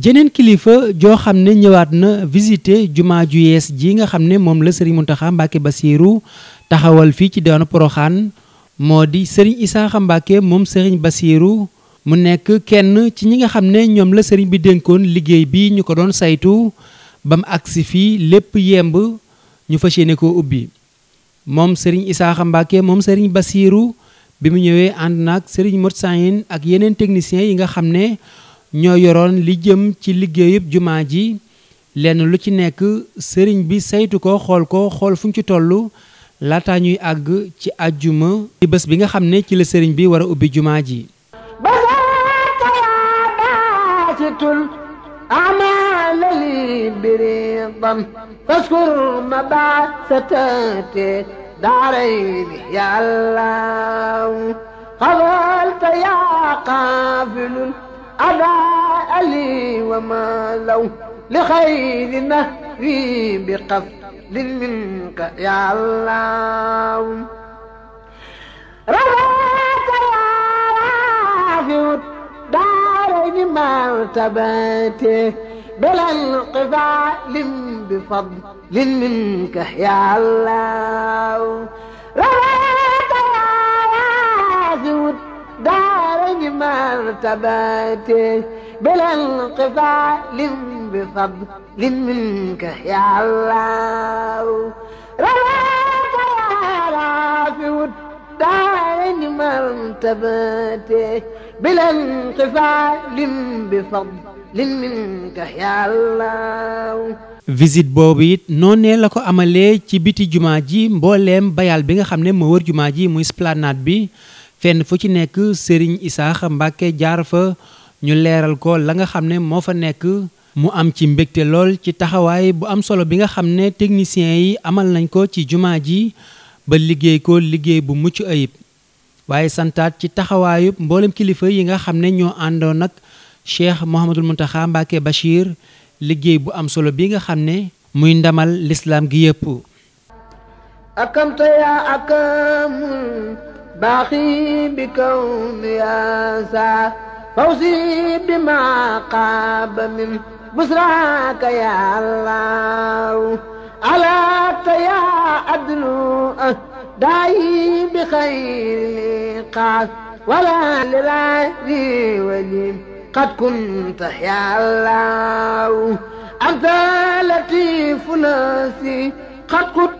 jeneen kilifa joo xam ne ñëwaat na visité jumaa ju yees ji nga xam ne moom la sëriñ Mountakha Mbacké Bassirou taxawal fii ci diwaanu Porokhane moo di sëriñ Issakha Mbacké moom sëriñ Bassirou mu nekk kenn ci ñi nga xam ne ñoom la sëriñ bi dénkoon liggéey bi ñu ko doon saytu ba mu agsi fii lépp yemb ñu fas yéene koo ubbi moom sëriñ Issakha Mbacké moom sëriñ Bassirou bi mu ñëwee ànd naag sëriñ Modou Sahin ak yeneen techniciens yi nga xam ne ñoo yoroon li jëm ci liggéeyub jumaa ji lenn lu ci nekk sëriñ bi saytu ko xool ko xool fu ñu ci tollu laata ñuy àgg ci àjjuma ci bés bi nga xam ne ci la sëriñ bi war a ubbi jumaa ji ba أبا ألي وما لو لخير نهري بقفل منك يا الله رضاك يا رافع الدار مرتبته بلا انقفال بفضل منك يا الله visit بلا انقفال بفضل منك la ko amalee ci biti jumaa ji mbooleem bayal bi nga xam ne moo wër jumaa ji muy esplanade bi fenn fu ci nekk Serigne Isaax Mbacke jaar fa ñu leeral ko la nga xam ne moo fa nekk mu am ci mbégte lool ci taxawaay bu am solo bi nga xam ne techniciens yi amal nañ ko ci jumaa ji ba liggéey ko liggéey bu mucc ayib waaye santaat ci taxawaayu mboolem kilifa yi nga xam ne ñoo àndoon ak Cheikh Mouhamadul Mountakha Mbacke Bachir liggéey bu am solo bi nga xam ne muy ndamal lislaam gi yëpp باقي بكون ياسا فوزي بما قاب من بسراك يا الله ألاك يا عدل داعي بخير لقاء ولا لغيري ولي قد كنت يا الله أنت لطيف ناسي قد كنت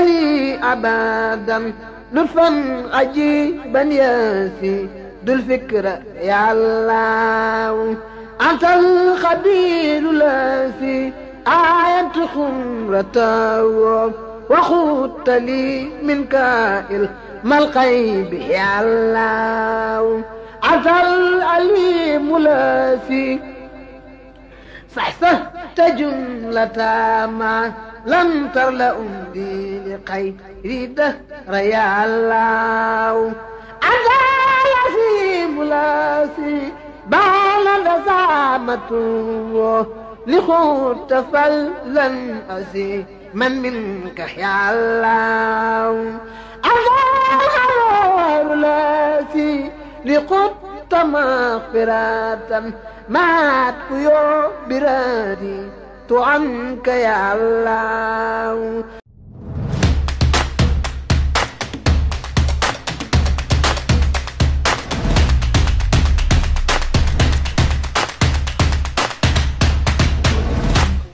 لي أبدا لطفا عجيبا ياسي ذو الفكرة يا الله أنت الخبير لاسي آية خمرته وخدت لي من كائل ما الغيب يا الله أنت العليم لاسي صحصحت جملة ما لن ترلا أمدي لخير دهر يا الله أنت يسيب لاسي بال نزامة لخوت فلن أسي من منك يا الله أنت لاسي لقد مغفرة مات يوم برادي عن عنك يا الله